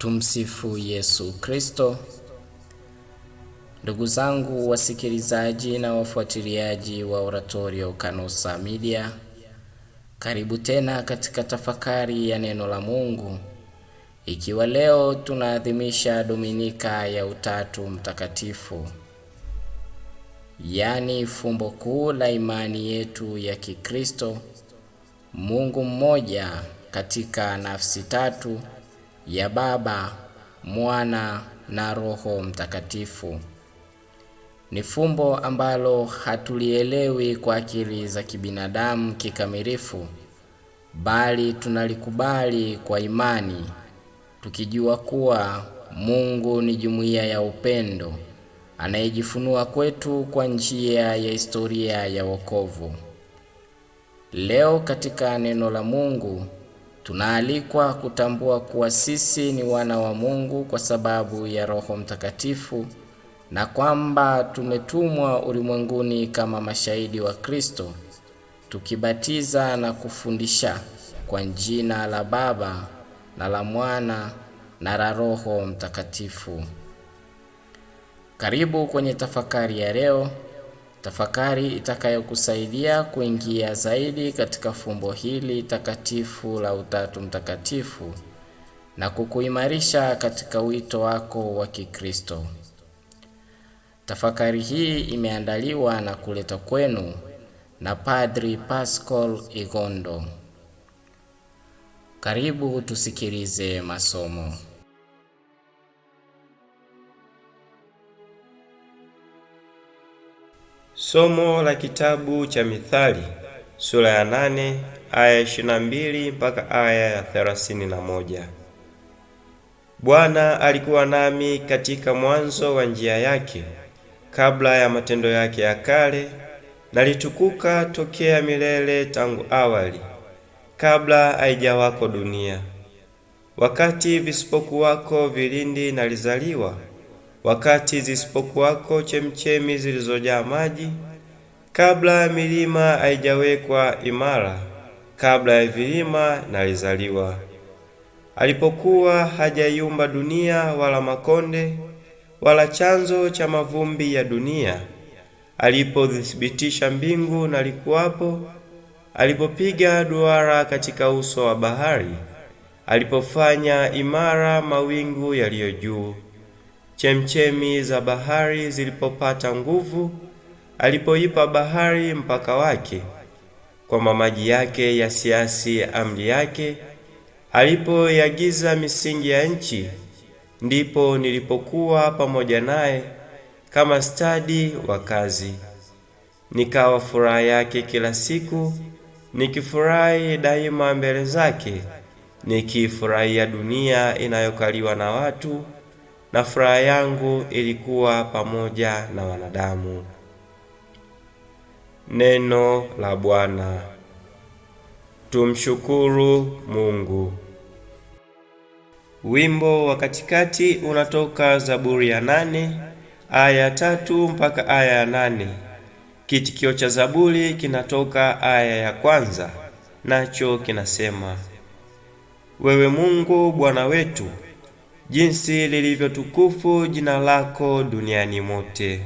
Tumsifu Yesu Kristo. Ndugu zangu wasikilizaji na wafuatiliaji wa Oratorio Kanosa Media, karibu tena katika tafakari ya neno la Mungu, ikiwa leo tunaadhimisha Dominika ya Utatu Mtakatifu, yaani fumbo kuu la imani yetu ya Kikristo, Mungu mmoja katika nafsi tatu ya Baba, Mwana na Roho Mtakatifu. Ni fumbo ambalo hatulielewi kwa akili za kibinadamu kikamilifu, bali tunalikubali kwa imani, tukijua kuwa Mungu ni jumuiya ya upendo anayejifunua kwetu kwa njia ya historia ya wokovu. Leo katika neno la Mungu Tunaalikwa kutambua kuwa sisi ni wana wa Mungu kwa sababu ya Roho Mtakatifu na kwamba tumetumwa ulimwenguni kama mashahidi wa Kristo, tukibatiza na kufundisha kwa jina la Baba na la Mwana na la Roho Mtakatifu. Karibu kwenye tafakari ya leo tafakari itakayokusaidia kuingia zaidi katika fumbo hili takatifu la Utatu Mtakatifu na kukuimarisha katika wito wako wa Kikristo. Tafakari hii imeandaliwa na kuleta kwenu na Padri Pascal Igondo. Karibu tusikilize masomo. Somo la kitabu cha Mithali sura ya nane aya ishirini na mbili mpaka aya ya thelathini na moja. Bwana alikuwa nami katika mwanzo wa njia yake, kabla ya matendo yake ya kale, nalitukuka tokea milele tangu awali, kabla haijawako dunia. Wakati visipokuwako vilindi nalizaliwa wakati zisipokuwako chemchemi zilizojaa maji, kabla ya milima haijawekwa imara, kabla ya vilima nalizaliwa, alipokuwa hajaiumba dunia wala makonde wala chanzo cha mavumbi ya dunia, alipozithibitisha mbingu na likuwapo, alipopiga duara katika uso wa bahari, alipofanya imara mawingu yaliyo juu chemchemi za bahari zilipopata nguvu, alipoipa bahari mpaka wake, kwamba maji yake yasiasi amri yake, alipoiagiza misingi ya nchi, ndipo nilipokuwa pamoja naye kama stadi wa kazi, nikawa furaha yake kila siku, nikifurahi daima mbele zake, nikifurahia dunia inayokaliwa na watu na furaha yangu ilikuwa pamoja na wanadamu. Neno la Bwana. Tumshukuru Mungu. Wimbo wa katikati unatoka Zaburi ya nane aya tatu mpaka aya ya nane. Kitikio cha Zaburi kinatoka aya ya kwanza, nacho kinasema: Wewe Mungu Bwana wetu jinsi lilivyotukufu jina lako duniani mote.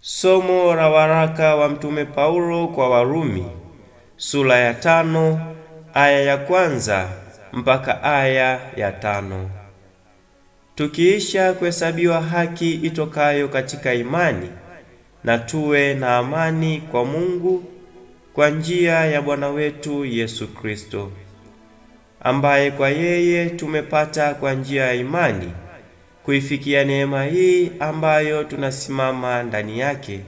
Somo la waraka wa Mtume Paulo kwa Warumi sura ya tano aya ya kwanza mpaka aya ya tano. Tukiisha kuhesabiwa haki itokayo katika imani, na tuwe na amani kwa Mungu kwa njia ya Bwana wetu Yesu Kristo ambaye kwa yeye tumepata kwa njia ya imani kuifikia neema hii ambayo tunasimama ndani yake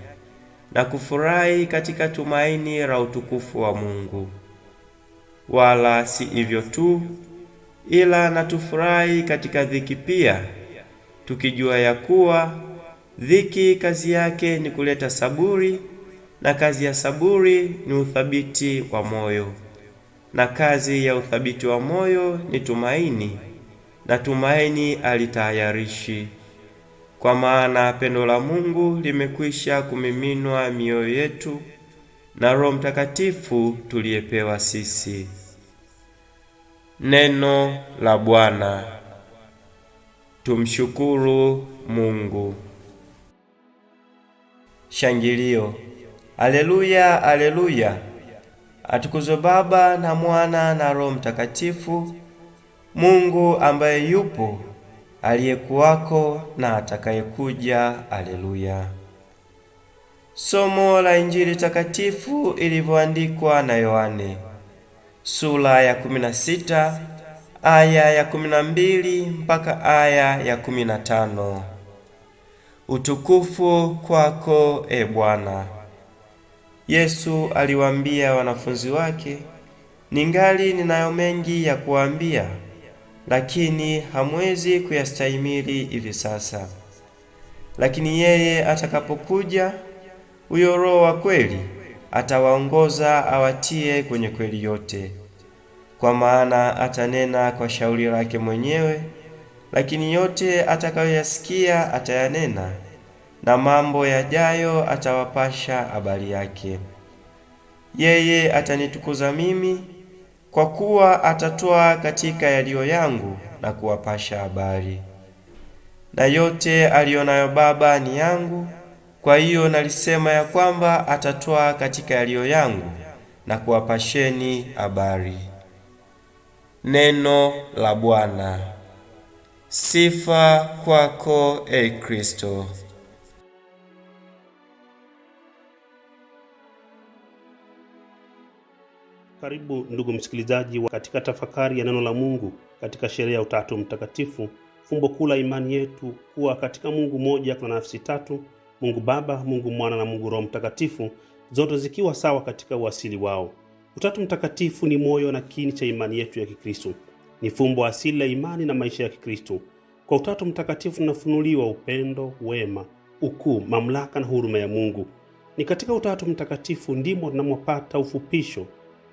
na kufurahi katika tumaini la utukufu wa Mungu. Wala si hivyo tu, ila na tufurahi katika dhiki pia, tukijua ya kuwa dhiki kazi yake ni kuleta saburi na kazi ya saburi ni uthabiti wa moyo na kazi ya uthabiti wa moyo ni tumaini, na tumaini alitayarishi. Kwa maana pendo la Mungu limekwisha kumiminwa mioyo yetu na Roho Mtakatifu tuliyepewa sisi. Neno la Bwana. Tumshukuru Mungu. Shangilio: Aleluya, aleluya! Atukuzwe Baba na Mwana na Roho Mtakatifu, Mungu ambaye yupo aliyekuwako na atakayekuja. Aleluya. Somo la Injili takatifu ilivyoandikwa na Yohane sura ya 16 aya ya 12 mpaka aya ya 15. Utukufu kwako e Bwana. Yesu aliwaambia wanafunzi wake, ningali ninayo mengi ya kuwaambia, lakini hamwezi kuyastahimili hivi sasa. Lakini yeye atakapokuja, huyo Roho wa kweli, atawaongoza awatie kwenye kweli yote, kwa maana atanena kwa shauri lake mwenyewe, lakini yote atakayoyasikia atayanena na mambo yajayo atawapasha habari yake. Yeye atanitukuza mimi, kwa kuwa atatoa katika yaliyo yangu na kuwapasha habari. Na yote aliyo nayo Baba ni yangu. Kwa hiyo nalisema ya kwamba atatoa katika yaliyo yangu na kuwapasheni habari. Neno la Bwana. Sifa kwako, e Kristo. Karibu ndugu msikilizaji, katika tafakari ya neno la Mungu katika sherehe ya Utatu Mtakatifu, fumbo kuu la imani yetu kuwa katika Mungu mmoja kuna nafsi tatu: Mungu Baba, Mungu Mwana na Mungu Roho Mtakatifu, zote zikiwa sawa katika uasili wao. Utatu Mtakatifu ni moyo na kiini cha imani yetu ya Kikristo, ni fumbo asili la imani na maisha ya Kikristo. Kwa Utatu Mtakatifu tunafunuliwa upendo, wema, ukuu, mamlaka na huruma ya Mungu. Ni katika Utatu Mtakatifu ndimo tunamopata ufupisho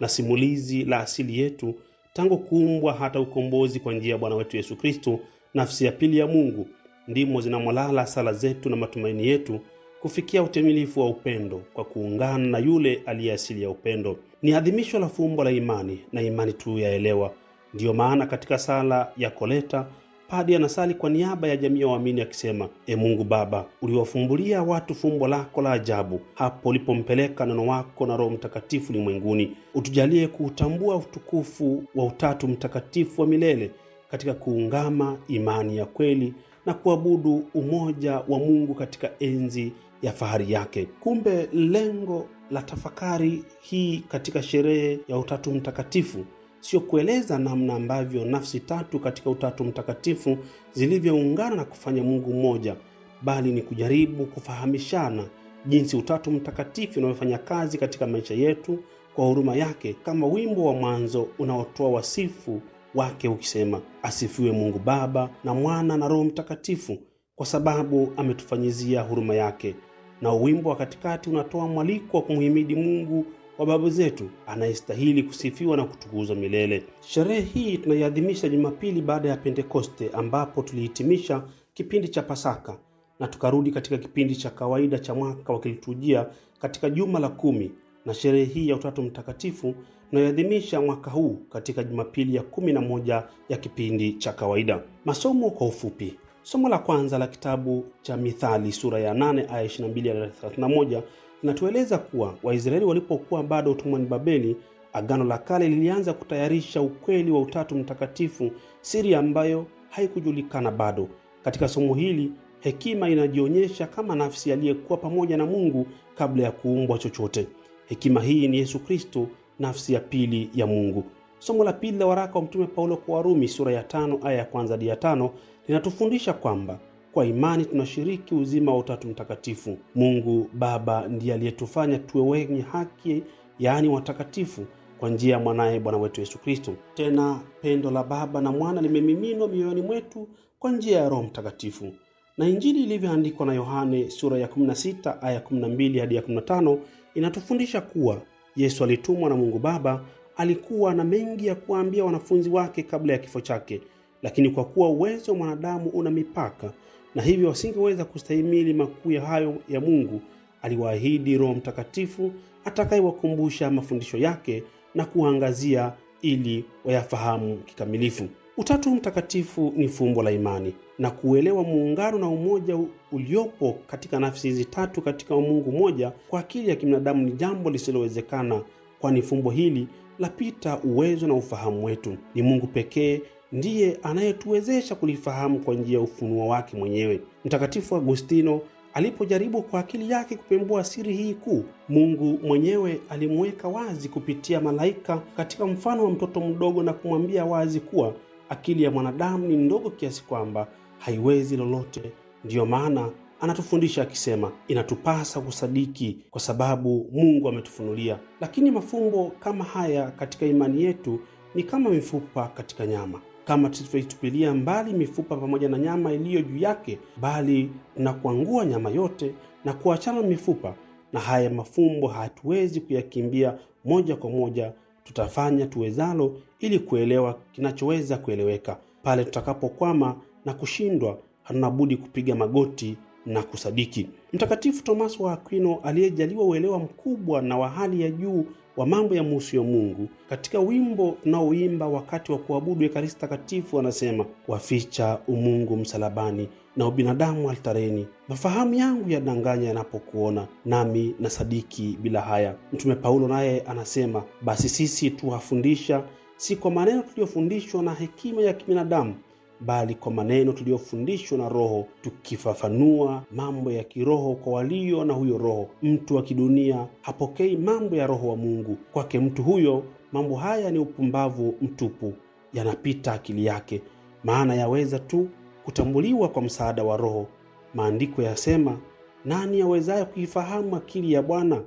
na simulizi la asili yetu tangu kuumbwa hata ukombozi kwa njia ya Bwana wetu Yesu Kristo, nafsi ya pili ya Mungu, ndimo zinamwalala sala zetu na matumaini yetu kufikia utimilifu wa upendo kwa kuungana na yule aliye asili ya upendo. Ni adhimisho la fumbo la imani, na imani tu yaelewa. Ndiyo maana katika sala ya Koleta Padi anasali kwa niaba ya jamii ya waamini akisema, E Mungu Baba, uliwafumbulia watu fumbo lako la ajabu hapo ulipompeleka neno wako na Roho Mtakatifu ulimwenguni. Utujalie kuutambua utukufu wa Utatu Mtakatifu wa milele katika kuungama imani ya kweli na kuabudu umoja wa Mungu katika enzi ya fahari yake. Kumbe lengo la tafakari hii katika sherehe ya Utatu Mtakatifu sio kueleza namna ambavyo nafsi tatu katika Utatu Mtakatifu zilivyoungana na kufanya Mungu mmoja, bali ni kujaribu kufahamishana jinsi Utatu Mtakatifu unavyofanya kazi katika maisha yetu kwa huruma yake, kama wimbo wa mwanzo unaotoa wasifu wake ukisema, asifiwe Mungu Baba na Mwana na Roho Mtakatifu, kwa sababu ametufanyizia huruma yake. Na uwimbo wa katikati unatoa mwaliko wa kumhimidi Mungu wa babu zetu anayestahili kusifiwa na kutukuzwa milele. Sherehe hii tunaiadhimisha Jumapili baada ya Pentekoste, ambapo tulihitimisha kipindi cha Pasaka na tukarudi katika kipindi cha kawaida cha mwaka wa kiliturujia katika juma la kumi, na sherehe hii ya Utatu Mtakatifu tunaiadhimisha mwaka huu katika Jumapili ya kumi na moja ya kipindi cha kawaida. Masomo kwa ufupi. Somo la kwanza la kitabu cha Mithali sura ya 8 aya 22 hadi 31 linatueleza kuwa Waisraeli walipokuwa bado utumwani Babeli, Agano la Kale lilianza kutayarisha ukweli wa Utatu Mtakatifu, siri ambayo haikujulikana bado. Katika somo hili hekima inajionyesha kama nafsi aliyekuwa pamoja na Mungu kabla ya kuumbwa chochote. Hekima hii ni Yesu Kristo, nafsi ya pili ya Mungu. Somo la pili la waraka wa Mtume Paulo kwa Warumi sura ya tano aya ya kwanza hadi ya tano linatufundisha kwamba kwa imani tunashiriki uzima wa Utatu Mtakatifu. Mungu Baba ndiye aliyetufanya tuwe wenye haki, yaani watakatifu kwa njia ya mwanaye Bwana wetu Yesu Kristo. Tena pendo la Baba na Mwana limemiminwa mioyoni mwetu kwa njia ya Roho Mtakatifu. Na Injili ilivyoandikwa na Yohane sura ya 16 aya 12 hadi ya 15 inatufundisha kuwa Yesu alitumwa na Mungu Baba. Alikuwa na mengi ya kuwaambia wanafunzi wake kabla ya kifo chake, lakini kwa kuwa uwezo wa mwanadamu una mipaka na hivyo wasingeweza kustahimili makuu hayo ya Mungu. Aliwaahidi Roho Mtakatifu atakayewakumbusha mafundisho yake na kuangazia ili wayafahamu kikamilifu. Utatu Mtakatifu ni fumbo la imani na kuelewa muungano na umoja uliopo katika nafsi hizi tatu katika Mungu mmoja kwa akili ya kibinadamu ni jambo lisilowezekana, kwani fumbo hili lapita uwezo na ufahamu wetu. Ni Mungu pekee ndiye anayetuwezesha kulifahamu kwa njia ya ufunuo wake mwenyewe. Mtakatifu Agustino alipojaribu kwa akili yake kupembua siri hii kuu, Mungu mwenyewe alimweka wazi kupitia malaika katika mfano wa mtoto mdogo na kumwambia wazi kuwa akili ya mwanadamu ni ndogo kiasi kwamba haiwezi lolote. Ndiyo maana anatufundisha akisema, inatupasa kusadiki kwa sababu Mungu ametufunulia. Lakini mafumbo kama haya katika imani yetu ni kama mifupa katika nyama kama tusivyoitupilia mbali mifupa pamoja na nyama iliyo juu yake, bali na kuangua nyama yote na kuachana mifupa. Na haya mafumbo hatuwezi kuyakimbia moja kwa moja, tutafanya tuwezalo ili kuelewa kinachoweza kueleweka. Pale tutakapokwama na kushindwa, hatuna budi kupiga magoti na kusadiki. Mtakatifu Thomas wa Aquino aliyejaliwa uelewa mkubwa na wa hali ya juu wa mambo ya ya Mungu, katika wimbo tunaoimba wakati wa kuabudu Ekaristi Takatifu anasema, waficha umungu msalabani na ubinadamu altareni, mafahamu yangu yadanganya yanapokuona, nami na sadiki bila haya. Mtume Paulo naye anasema, basi sisi tuwafundisha si kwa maneno tuliyofundishwa na hekima ya kibinadamu bali kwa maneno tuliyofundishwa na Roho, tukifafanua mambo ya kiroho kwa walio na huyo Roho. Mtu wa kidunia hapokei mambo ya Roho wa Mungu. Kwake mtu huyo mambo haya ni upumbavu mtupu, yanapita akili yake, maana yaweza tu kutambuliwa kwa msaada wa Roho. Maandiko yasema, nani awezaye kuifahamu akili ya Bwana?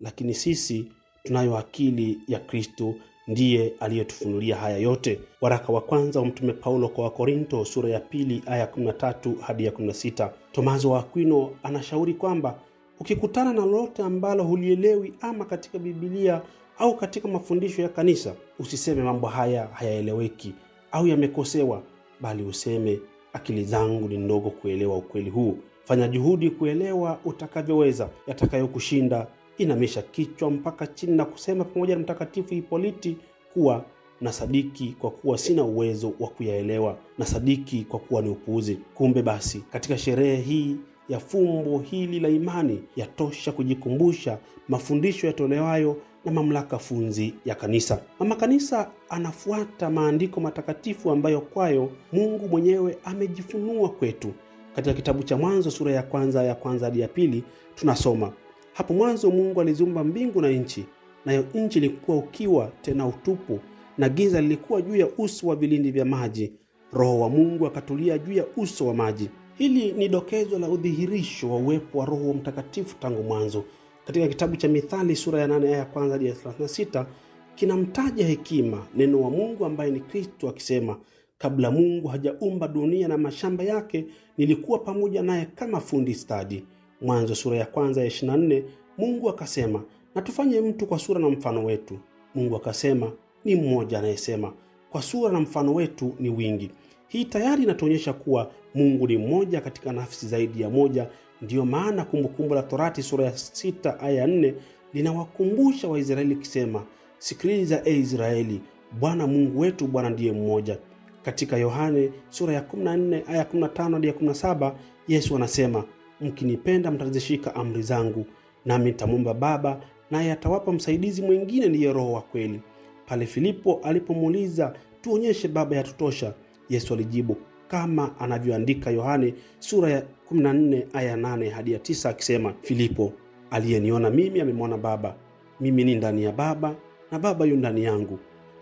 Lakini sisi tunayo akili ya Kristo, ndiye aliyetufunulia haya yote. Waraka wa kwanza wa Mtume Paulo kwa Wakorinto sura ya pili aya 13 hadi ya 16. Tomazo wa Akwino anashauri kwamba ukikutana na lolote ambalo hulielewi ama katika bibilia au katika mafundisho ya kanisa, usiseme mambo haya hayaeleweki au yamekosewa, bali useme akili zangu ni ndogo kuelewa ukweli huu. Fanya juhudi kuelewa utakavyoweza. Yatakayokushinda inamisha kichwa mpaka chini na kusema pamoja na Mtakatifu Hipoliti kuwa na sadiki kwa kuwa sina uwezo wa kuyaelewa, na sadiki kwa kuwa ni upuuzi. Kumbe basi katika sherehe hii ya fumbo hili la imani yatosha kujikumbusha mafundisho yatolewayo na mamlaka funzi ya kanisa. Mama Kanisa anafuata maandiko matakatifu ambayo kwayo Mungu mwenyewe amejifunua kwetu. Katika kitabu cha Mwanzo sura ya kwanza ya kwanza hadi ya pili tunasoma hapo mwanzo Mungu aliziumba mbingu na nchi, nayo nchi ilikuwa ukiwa tena utupu, na giza lilikuwa juu ya uso wa vilindi vya maji. Roho wa Mungu akatulia juu ya uso wa maji. Hili ni dokezo la udhihirisho wa uwepo wa Roho Mtakatifu tangu mwanzo. Katika kitabu cha Mithali sura ya 8 aya ya kwanza hadi 36 kinamtaja hekima, neno wa Mungu ambaye ni Kristo, akisema kabla Mungu hajaumba dunia na mashamba yake, nilikuwa pamoja naye kama fundi stadi. Mwanzo sura ya kwanza ya 24, Mungu akasema, na tufanye mtu kwa sura na mfano wetu. Mungu akasema, ni mmoja anayesema, kwa sura na mfano wetu ni wingi. Hii tayari inatuonyesha kuwa Mungu ni mmoja katika nafsi zaidi ya moja. Ndiyo maana Kumbukumbu la Torati sura ya sita aya nne linawakumbusha Waisraeli ikisema, sikiliza e Israeli, Bwana Mungu wetu Bwana ndiye mmoja. Katika Yohane sura ya 14 aya 15 hadi 17 Yesu anasema mkinipenda mtazishika amri zangu, nami nitamwomba Baba naye atawapa msaidizi mwingine, ndiye Roho wa kweli. Pale Filipo alipomuuliza tuonyeshe Baba yatutosha, Yesu alijibu kama anavyoandika Yohane sura ya 14 aya 8 hadi ya 9, akisema, Filipo, aliyeniona mimi amemwona Baba. Mimi ni ndani ya Baba na Baba yu ndani yangu.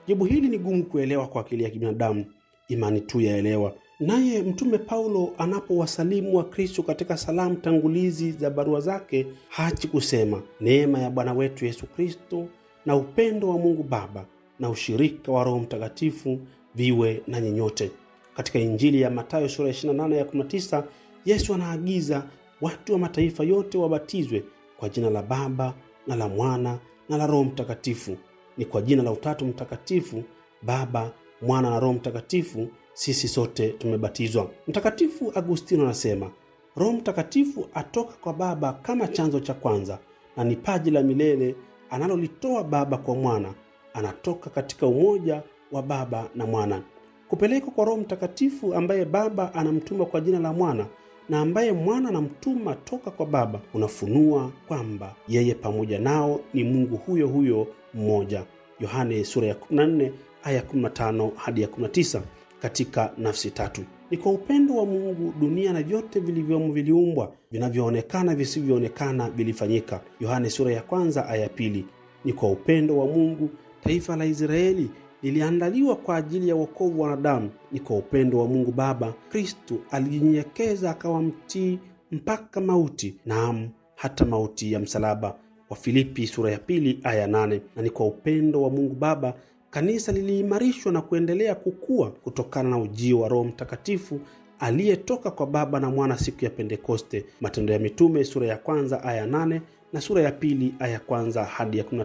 Jibu hili ni gumu kuelewa kwa akili ya kibinadamu, imani tu yaelewa. Naye Mtume Paulo anapowasalimu wa Kristo katika salamu tangulizi za barua zake, haachi kusema neema ya Bwana wetu Yesu Kristo na upendo wa Mungu Baba na ushirika wa Roho Mtakatifu viwe na nyenyote. Katika Injili ya Mathayo sura ya 28 ya 19, Yesu anaagiza watu wa mataifa yote wabatizwe kwa jina la Baba na la Mwana na la Roho Mtakatifu. Ni kwa jina la Utatu Mtakatifu, Baba, Mwana na Roho Mtakatifu sisi sote tumebatizwa. Mtakatifu Agustino anasema Roho Mtakatifu atoka kwa Baba kama chanzo cha kwanza na ni paji la milele analolitoa Baba kwa Mwana, anatoka katika umoja wa Baba na Mwana. Kupelekwa kwa Roho Mtakatifu ambaye Baba anamtuma kwa jina la Mwana na ambaye Mwana anamtuma toka kwa Baba unafunua kwamba yeye pamoja nao ni Mungu huyo huyo mmoja. Yohane sura ya 14 aya hadi 19 katika nafsi tatu. Ni kwa upendo wa Mungu dunia na vyote vilivyomo viliumbwa, vinavyoonekana visivyoonekana vilifanyika. Yohane sura ya kwanza aya pili. Ni kwa upendo wa Mungu taifa la Israeli liliandaliwa kwa ajili ya wokovu wa wanadamu. Ni kwa upendo wa Mungu Baba kristu alijinyenyekeza akawa mtii mpaka mauti, naam, hata mauti ya msalaba. Wafilipi sura ya pili aya nane. Na ni kwa upendo wa Mungu Baba kanisa liliimarishwa na kuendelea kukua kutokana na ujio wa Roho Mtakatifu aliyetoka kwa Baba na Mwana siku ya Pentekoste, Matendo ya Mitume sura ya kwanza aya nane na sura ya pili aya kwanza hadi ya kumi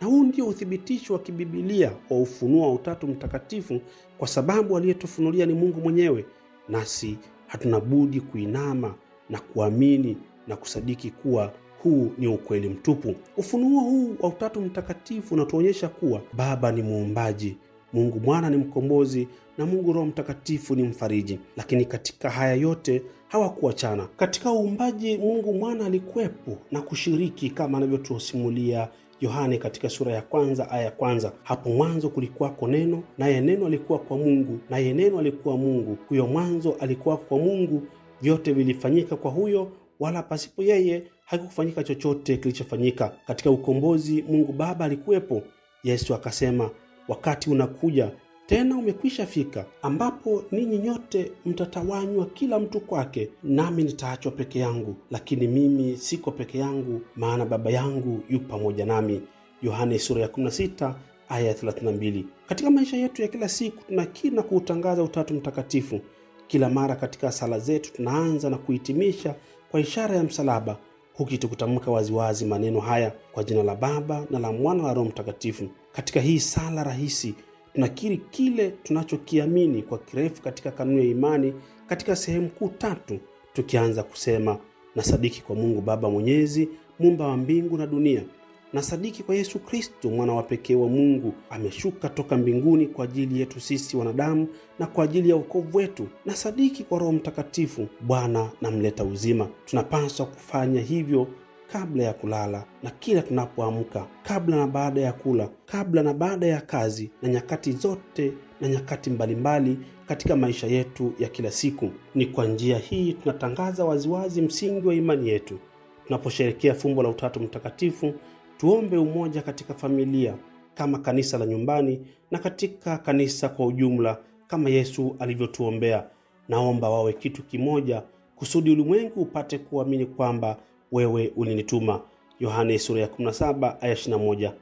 Na huu ndio uthibitisho wa kibibilia wa ufunuo wa Utatu Mtakatifu, kwa sababu aliyetufunulia ni Mungu mwenyewe, nasi hatuna budi kuinama na kuamini na kusadiki kuwa huu ni ukweli mtupu. Ufunuo huu wa Utatu Mtakatifu unatuonyesha kuwa Baba ni muumbaji, Mungu Mwana ni mkombozi na Mungu Roho Mtakatifu ni mfariji. Lakini katika haya yote hawakuachana. Katika uumbaji, Mungu Mwana alikuwepo na kushiriki kama anavyotusimulia Yohane katika sura ya kwanza aya ya kwanza: hapo mwanzo kulikuwako neno, naye neno alikuwa kwa Mungu, naye neno alikuwa Mungu. Huyo mwanzo alikuwa kwa Mungu, vyote vilifanyika kwa huyo, wala pasipo yeye hakikufanyika chochote kilichofanyika katika ukombozi. Mungu Baba alikuwepo. Yesu akasema, wakati unakuja tena umekwisha fika, ambapo ninyi nyote mtatawanywa kila mtu kwake, nami nitaachwa peke yangu. Lakini mimi siko peke yangu, maana Baba yangu yu pamoja nami. Yohane sura ya 16 aya ya 32. Katika maisha yetu ya kila siku tunakina kuutangaza Utatu Mtakatifu. Kila mara katika sala zetu tunaanza na kuhitimisha kwa ishara ya msalaba, huki tukutamka waziwazi maneno haya kwa jina la Baba na la Mwana wa Roho Mtakatifu. Katika hii sala rahisi tunakiri kile tunachokiamini kwa kirefu katika kanuni ya imani katika sehemu kuu tatu, tukianza kusema: na sadiki kwa Mungu Baba Mwenyezi, mumba wa mbingu na dunia na sadiki kwa Yesu Kristo mwana wa pekee wa Mungu ameshuka toka mbinguni kwa ajili yetu sisi wanadamu na kwa ajili ya ukovu wetu, na sadiki kwa Roho Mtakatifu Bwana na mleta uzima. Tunapaswa kufanya hivyo kabla ya kulala na kila tunapoamka, kabla na baada ya kula, kabla na baada ya kazi, na nyakati zote na nyakati mbalimbali mbali katika maisha yetu ya kila siku. Ni kwa njia hii tunatangaza waziwazi msingi wa imani yetu. Tunaposherekea fumbo la Utatu Mtakatifu tuombe umoja katika familia kama kanisa la nyumbani na katika kanisa kwa ujumla kama Yesu alivyotuombea. Naomba wawe kitu kimoja kusudi ulimwengu upate kuamini kwamba wewe ulinituma. Yohane sura ya 17 aya 21.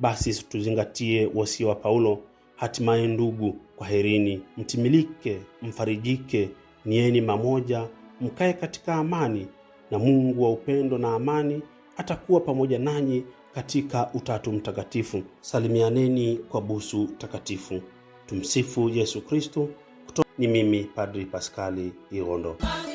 Basi tuzingatie wasio wa Paulo, hatimaye ndugu, kwaherini, mtimilike, mfarijike, nieni mamoja, mkae katika amani, na Mungu wa upendo na amani atakuwa pamoja nanyi katika utatu mtakatifu. Salimianeni kwa busu takatifu. Tumsifu Yesu Kristo. Ni mimi Padri Paskali Irondo.